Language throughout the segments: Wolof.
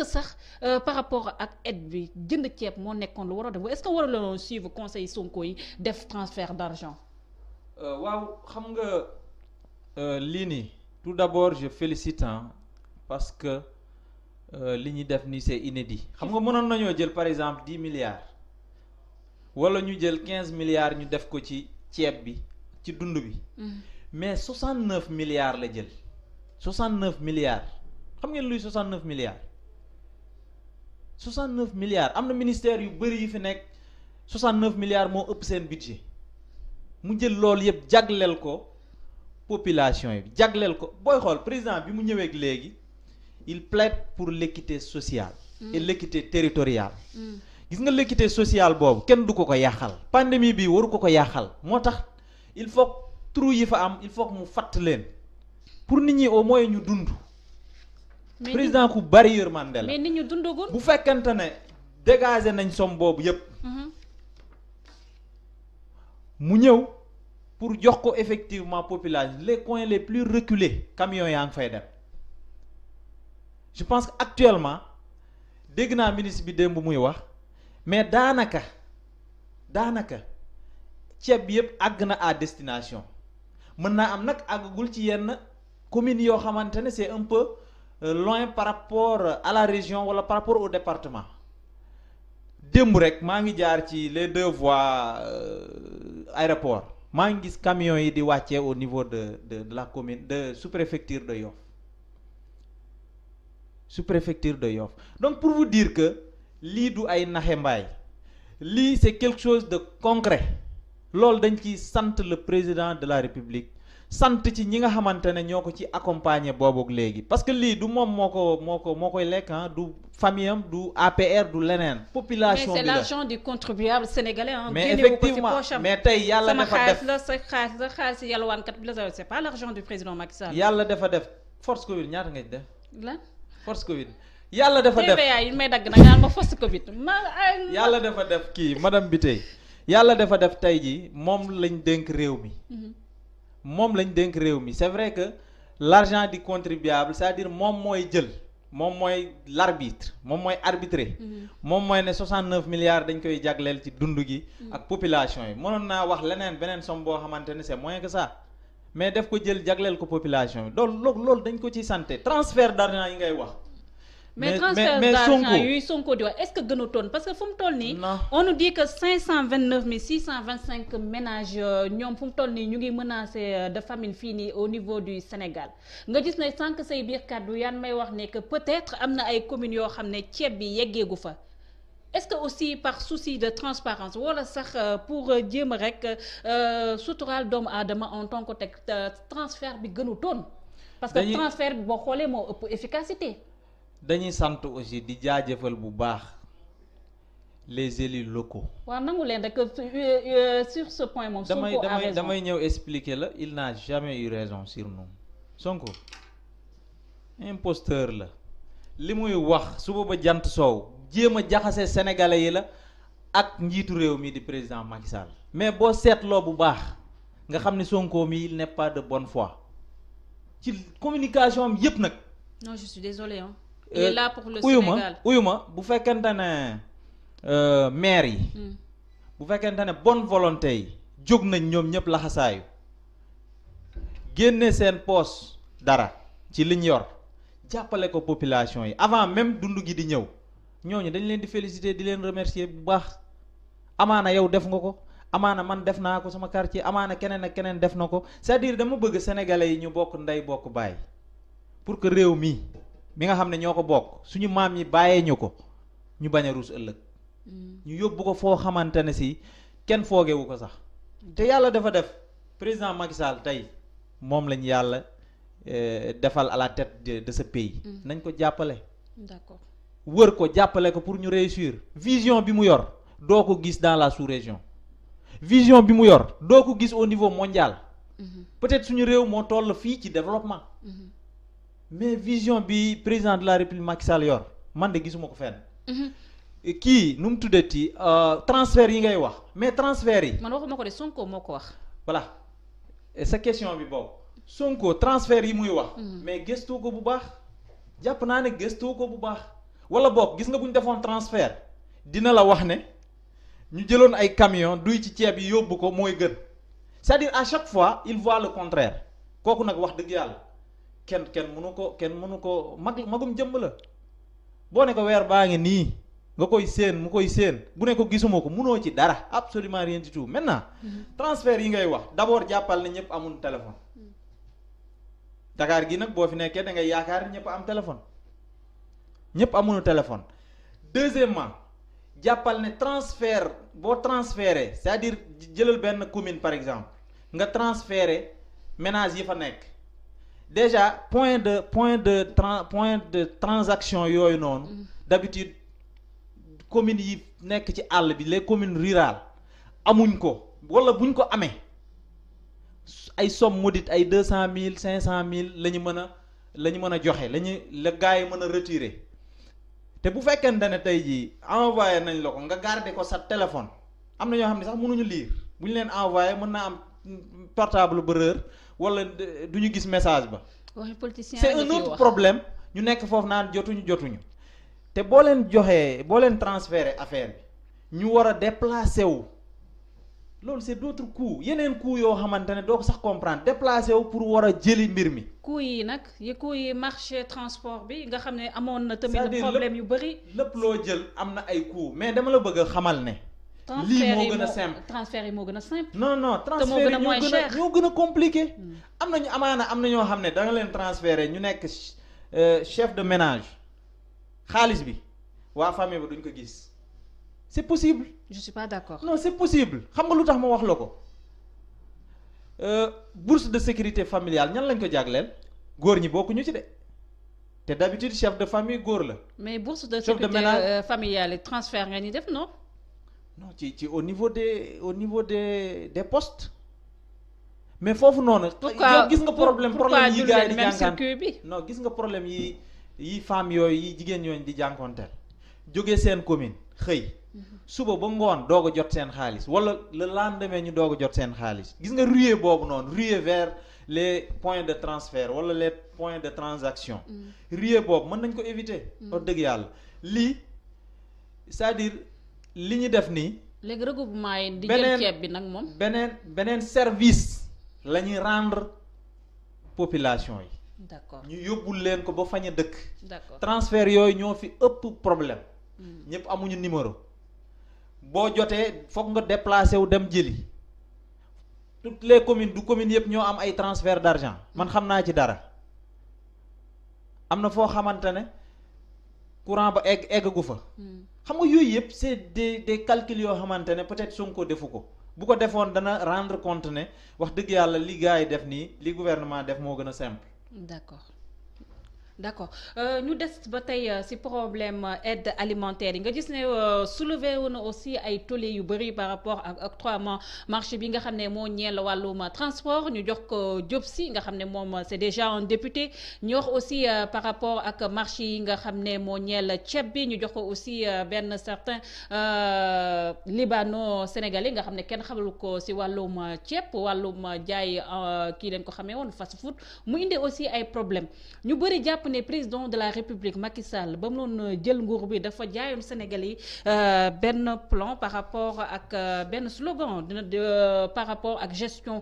que sax euh, par rapport ak aide bi jënd ceeb moo nekkoon lu war a def est ce que war la loon suivre conseil Sonko yi def transfert d' euh, waaw xam nga euh, lii nii tout d' abord je félicite parce que li ñuy def ni c' est xam nga mënoon nañoo jël par exemple dix milliards wala ñu jël quinze milliards ñu def ko ci ceeb bi ci dund bi mm-hmm. mais milliards la jël soixante neuf milliards xam ngeen luy milliards 69 milliards am na ministère yu bëri yu fi nekk 69 milliards moo ëpp seen budget mu jël loolu yëpp jagleel ko population yi jagleel ko booy xool président bi mu ñëweeg léegi il plaide pour l'équité sociale mm. et l'équité territoriale mm. gis nga l'équité sociale boobu kenn du ko ko yàqal pandémie bi waru ko ko yàqal moo tax il faut trou yi fa am il faut mu fatt leen pour nit ñi au moins ñu dund président ku bari yërmande la mais nit ñu dundagul bu fekkante ne dégagé nañ somme boobu yépp mhm. mu ñëw pour jox ko effectivement population les coins les plus reculés camion yaa ngi fay dem je pense que actuellement dégg naa ministre bi démb muy wax mais daanaka daanaka ceeb bi yépp àgg na à destination mën naa am nag àggagul ci yenn communes yoo xamante ne c'est un peu Euh, loin par rapport à la région wala par rapport au département démb rek maa ngi jaar ci les deux voies euh, aéroport maa ngi gis camions yi di wàccee au niveau de de de la commune de sous-préfecture de Yoff sous-préfecture de Yoff donc pour vous dire que lii du ay naxe mbaay lii c'est quelque chose de concret loolu dañ ciy sant le président de la République sant ci ñi nga xamante ne ñoo ko ci accompagner boobu léegi parce que lii du moom moo ko moo ko moo koy lekk ah du famille am du APR du leneen. population bi la mais c'est l'argent du mais effectivement mais tey yàlla dafa def sama xaalis la sa xaalis sa xaalis yalwaankat la c'est pas l'argent du président Macky Sall. yàlla dafa def force Covid ñaata nga ci def. lan force Covid. yàlla dafa def TVA yi may dagg nag naan ma force Covid yàlla dafa def kii madame Biteye yàlla dafa def tey jii moom lañ dénk réew mi. Mhm. moom lañ dénk réew mi c'est vrai que l'argent di contribuable c'est-à-dire moom mooy jël moom mooy l'arbitre moom mooy arbitrer mhm. moom mooy ne 69 milliards dañ koy jagleel ci dund gi mhm. ak population yi mënoon naa wax leneen beneen somme boo xamante ne c'est moins que ça mais daf ko jël jagleel ko population yi loolu loolu dañ ko ciy santé transfert d'argent yi ngay wax mais transfert d'argent yooyu Sonko di wax est-ce que gënutoon parce que fu mu toll nii. on nous dit que 529 625 ménage ñoom fu mu toll nii ñu ngi menacé euh, de famine fii nii au niveau du Sénégal nga gis ne sànq say biir kàddu yaan may wax ne que peut-être am na ay communes yoo xam ne ceeb bi yeggeegu fa. est-ce que aussi par souci de transparence wala sax euh, pour euh, jéem a rek suturaal doomu aadama en tant que teg transfert bi gënutoon. parce que transfert bi boo xoolee moo ëpp efficacité. dañuy sant aussi di jaajëfal bu baax les élus locaux. waaw nangu leen rek euh, euh, euh, sur ce point moom. damay damay ñëw expliquer la il n'a jamais eu raison sur nous Sonko imposteur la li muy wax suba ba jant soow jéem a jaxase sénégalais yi la ak njiitu réew mi di président Macky mais boo seetloo bu baax nga xam ne Sonko mi il pas de bonne fois ci communication am yépp nag. non je suis Euh, il est là pour le Sénégal uyu ma bu fekkante ne euh, maire yi. Hmm. bu fekkante ne bon volonté yi jóg nañ ñoom ñëpp laxasaayu génne seen poos dara ci liñ yor jàppale ko population yi avant même dund gi di ñëw ñooñu dañu leen di féliciter di leen remercier bu baax amaana yow def nga ko amaana man def naa ko sama quartier amaana keneen ak keneen def na ko sa diir dire dama bëgg sénégalais yi ñu bokk ndey bokk baay pour que réew mi. mi nga xam ne ñoo ko bokk suñu maam yi bàyyee ñu ko ñu bañ a ruus ëllëg mm. ñu yóbbu ko foo xamante ne si kenn foogewu ko sax te yàlla dafa def président Macky Sall tey moom lañ yàlla eh, defal à la tête de de ce mm. nañ ko jàppale d'accord wër ko jàppale ko pour ñu réussir vision bi mu yor doo ko gis dans la sous-région vision bi mu yor doo ko gis au niveau mondial mm-hmm. peut-être suñu réew moo toll fii ci développement mm-hmm. mais vision bi président de la république Macky Sall yor man de gisuma ko fenn. Mhm. kii nu mu tuddati euh, transfert yi ngay wax mais transfert yi. man waxuma ko de Sonko moo ko wax. voilà sa question bi boobu Sonko transfert yi muy wax. Mhm. mais gëstu ko bu baax jàpp naa ne gëstu ko bu baax wala book gis nga bu ñu defoon transfert dina la wax ne ñu jëloon ay camion duy ci ceeb yi yóbbu ko mooy gën c'est-à-dire à chaque fois il voit le contraire kooku nag wax dëgg yàlla. kenn kenn mënu ko kenn mënu ko mag magum jëmm la boo ne ko weer baa ngi nii nga koy séen mu koy séen bu ne ko gisuma ko munoo ci dara absolument rien du tout maintenant mm-hmm. transfert yi ngay wax d'abord jàppal ne ñëpp amul téléphone mm-hmm. Dakar gi nag boo fi nekkee da ngay yaakaar ñëpp am téléphone ñëpp amuñu téléphone deuxièmement jàppal ne transfert boo transféré sa à dire jëlal benn commune par exemple nga transféré ménage yi fa nekk déjà point de point de tran point de transaction yooyu noonu. Mm. d'habitude communes yi nekk ci àll bi les communes rurales amuñ ko wala buñ ko amee ay some maudite ay deux cent mille cinq cent mille la ñu mën a la ñu mën a joxe la ñu la gars yi mën a retirer te bu fekkente ne tey jii envoyé nañ la ko nga garder ko sa téléphone am na ñoo xam ne sax mënuñu lire bu ñu leen envoyé mën naa am mm, portable bu rër wala du ñu gis message ba. waxi politicien un autre problème ñu nekk foofu naa jotuñu jotuñu. te boo leen joxee boo leen transféré affaire bi ñu war a déplacé wu loolu c'est d'autres coûts yeneen coûts yoo xamante ne doo ko sax comprendre déplacé wu pour war a jëli mbir mi. coûts yi nag yi coûts yi marché transport bi nga xam ne amoon na. tamit problème yu bëri. lépp loo jël am na ay coûts mais dama la bëgg xamal ne. lii moo gën a simple transfert yi moo gën a simple. no non transfert yi ñoo gën a ñoo gën a compliqué. Hmm. am nañu amaana am na ñoo xam ne danga nga leen transféré ñu nekk euh, chef de ménage xaalis bi waa fami ba duñ ko gis c' possible. je suis d' accord. non c' possible xam nga lu tax ma wax la ko euh, bourse de sécurité familiale ñan lañ ko jagleel góor ñi bokkuñu ci de. te d' habitude chef de famille góor la. mais bourse de sécurité euh, familiale transfert nga ñu def non. non ci ci au niveau des au niveau des des post mais foofu noonu. pourquoi gis nga problème problème yi gars yi di jànkuwanteel bi. no gis nga problème yi yi femmes yooyu yi jigéen ñooñu di jànkuwanteel jóge seen commune xëy. suba ba ngoon doog a jot seen xaalis wala le lendemain ñu doog a jot seen xaalis gis nga ruée boobu noonu ruée vers les point de transfert wala les point de transaction. Mm. ruée boobu mën nañ ko éviter. Mm. wax dëgg yàlla lii cest dire li ñu def nii. léegi regroupement yi di jël ceeb bi nag moom. beneen beneen service lañuy ñuy rendre population yi. d'accord ñu yóbbul leen ko ba fañ a dëkk. d'accord transfert yooyu ñoo fi ëpp problème. Hmm. ñëpp amuñu numéro. boo jotee foog nga déplacé wu dem jëli. toutes les communes du communes yëpp ñoo am ay transfert d'argent man hmm. xam naa ci dara am na foo xamante ne. courant ba egg eggagu fa. Hmm. xam nga yooyu yëpp c' est des des yoo xamante ne peut-être Sonko defu ko bu ko defoon dana rendre compte ne wax dëgg yàlla li gars def nii li gouvernement def moo gën a simple. d' accord. d'accord euh, ñu des ba tey euh, ci problème euh, aide alimentaire yi nga gis ne soulevé wu na aussi ay tollé yu bëri par rapport ak octroiement marché bi nga xam ne moo ñeel wàllum transport ñu jox ko Diop Sy nga xam ne moom c'est déjà un député ñu wax aussi par rapport ak marché yi nga xam ne moo ñeel ceeb bi ñu jox ko aussi benn certain libano sénégalais nga xam ne kenn xamul ko ci wàllum ceeb wàllum jaay kii leen ko xamee woon fast food mu indi aussi ay problème ñu bëri jàpp ne président de la république Macky Sall ba mu doon euh, jël nguur bi dafa jaayoon Sénégal yi euh, benn plan par rapport ak euh, benn slogan par rapport ak gestion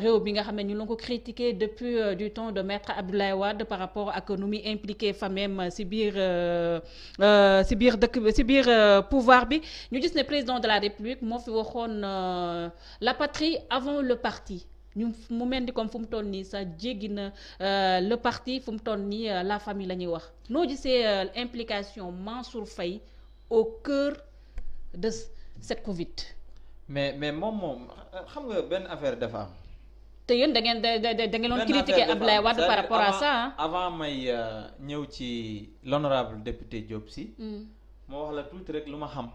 réew bi nga xam ne ñu ngi ko critiqué depuis du temps de maître Abdoulaye Wade par rapport ak nu muy impliqué famem si biir si biir dëkk si biir pouvoir bi ñu gis ne président de la république moo fi waxoon la patrie avant le parti ñu mu mel ni comme fu mu toll nii sax jéggi na euh, le parti fu mu toll nii euh, la famille la ñuy wax noo gisee euh, implication Mansour Faye au cœur de cette Covid. mais mais moom moom xam nga benn affaire dafa am. te yéen da ngeen da da da ngeen doon critiquer Abdoulaye Wade par rapport à ça avant may ñëw ci l'honorable député Diop Sy. moo mm. wax la tuuti rek lu ma xam.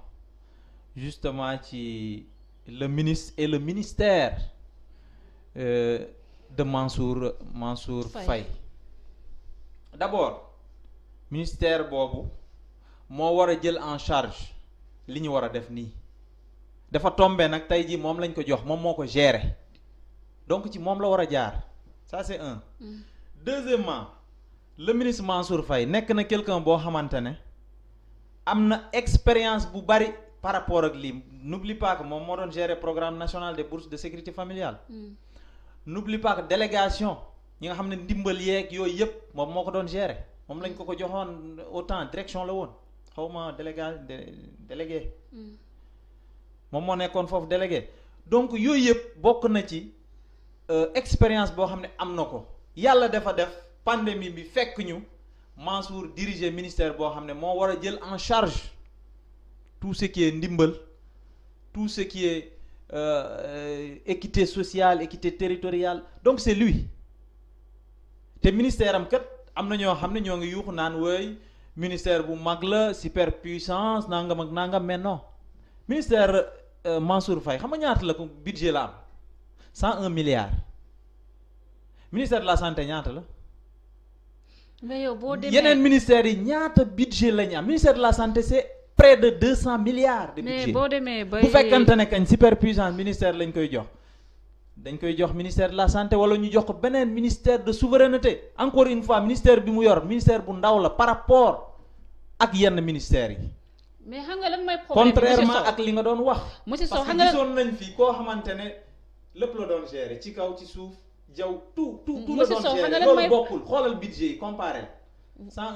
justement ci le ministre et le ministère. euh, de Mansour Mansour Faye d'abord ministère boobu moo war a jël en charge li ñu war a def nii dafa tombe nag tey jii moom lañ ko jox moom moo ko gérer donc ci moom la war a jaar ça c'est un mm. deuxièmement le ministre Mansour Faye nekk na quelqu'un boo xamante ne am na expérience bu bari par rapport ak lii n'oublie pas que moom moo doon gérer programme national des bourses de sécurité familiale mm. n'oublie pas que délégation ñi nga xam ne ndimbal yeeg yooyu yëpp moom moo ko doon gérer moom lañ ko ko joxoon autant direction la woon xawma déléga délégué mm. moom moo nekkoon foofu délégué donc yooyu yëpp bokk na ci euh, expérience boo xam ne am na ko yàlla dafa def pandémie bi fekk ñu Mansour diriger ministère boo xam ne moo war a jël en charge tout ce ndimbal tout ce qui Euh, euh, équité sociale équité territoriale donc c'est lui te ministère am kat am na ñoo xam ne ñoo ngi yuuxu naan wooy ministère bu mag la superpuissance nangam ak nangam mais non ministère euh, Mansour Faye xam nga ñaata la ko budget la am cent un milliard ministère de la santé ñaata la. boo demee yeneen ministères yi ñaata budget la ñu am ministère de la santé c'est près de deux cent milliards de budget boo demee ba bu fekkante ne kañ superpuissance ministère lañ koy jox dañ koy jox ministère de la santé wala ñu jox ko beneen ministère de souveraineté encore une fois ministère bi mu yor ministère bu ndaw la par rapport ak yenn ministères yi mais xam nga lan mooy problème ak li nga doon wax monsieur Sow xam nga gisoon nañ fii koo xamante ne lépp la doon gérer ci kaw ci suuf jaw tout tout tout la doon gérer loolu bokkul xoolal budget yi comparé cent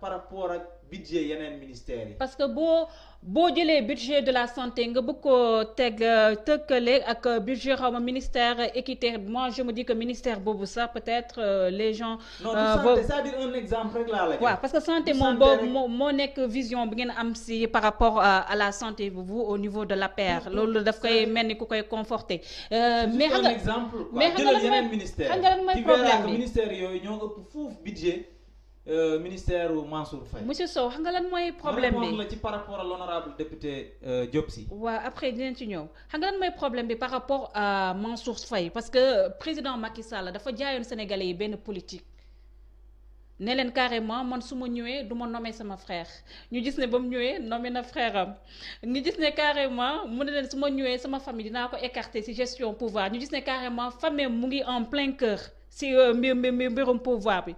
par rapport ak budget yeneen ministères yi. parce que boo boo jëlee budget de la santé nga bëgg koo teg euh, tëkkale ak euh, budget xaw ma ministère équité moi je me dis que ministère boobu sax peut-être euh, les gens. non exemple rek parce que santé moom boobu moo nekk vision bi ngeen am si par rapport à la santé vous au niveau de la l'APR loolu daf koy mel ni ku koy conforter. mais xam mais xam nga lan mooy problème bi. tu verras que yooyu ñoo ëpp fuuf budget. Euh, ministère Mansour Faye. monsieur Sow xam nga lan mooy problème bi la ci par rapport à l'honorable député euh, Diop Sy. waaw ci ñëw xam problème bi par rapport à Mansour fay parce que euh, président Macky Sall dafa jaayoon sénégalais yi benn politique. ne leen carrément man su ma ñëwee du ma nommé sama frère ñu gis ne ba mu ñëwee nommé na frère am ñu gis ne carrément mu ne leen su ma ñëwee sama famille dinaa ko écarté ci gestion pouvoir ñu gis ne carrément famille mu ngi en plein cœur. si mbir mbir mbirum pouvoir bi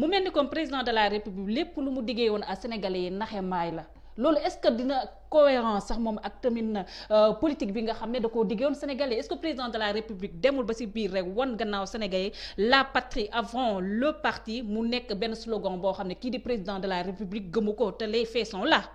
mu mel ni comme président de la république lépp lu mu diggee woon a sénégalais yi naxe maay la loolu est-ce que dina cohérence sax moom ak tamit na euh, politique bi nga xam ne da koo diggee woon sénégalais est-ce que président de la république demul ba si biir rek wan gannaaw sénégalais la patrie avant le parti mu nekk benn slogan boo xam ne kii di président de la république gëmu ko te les faits la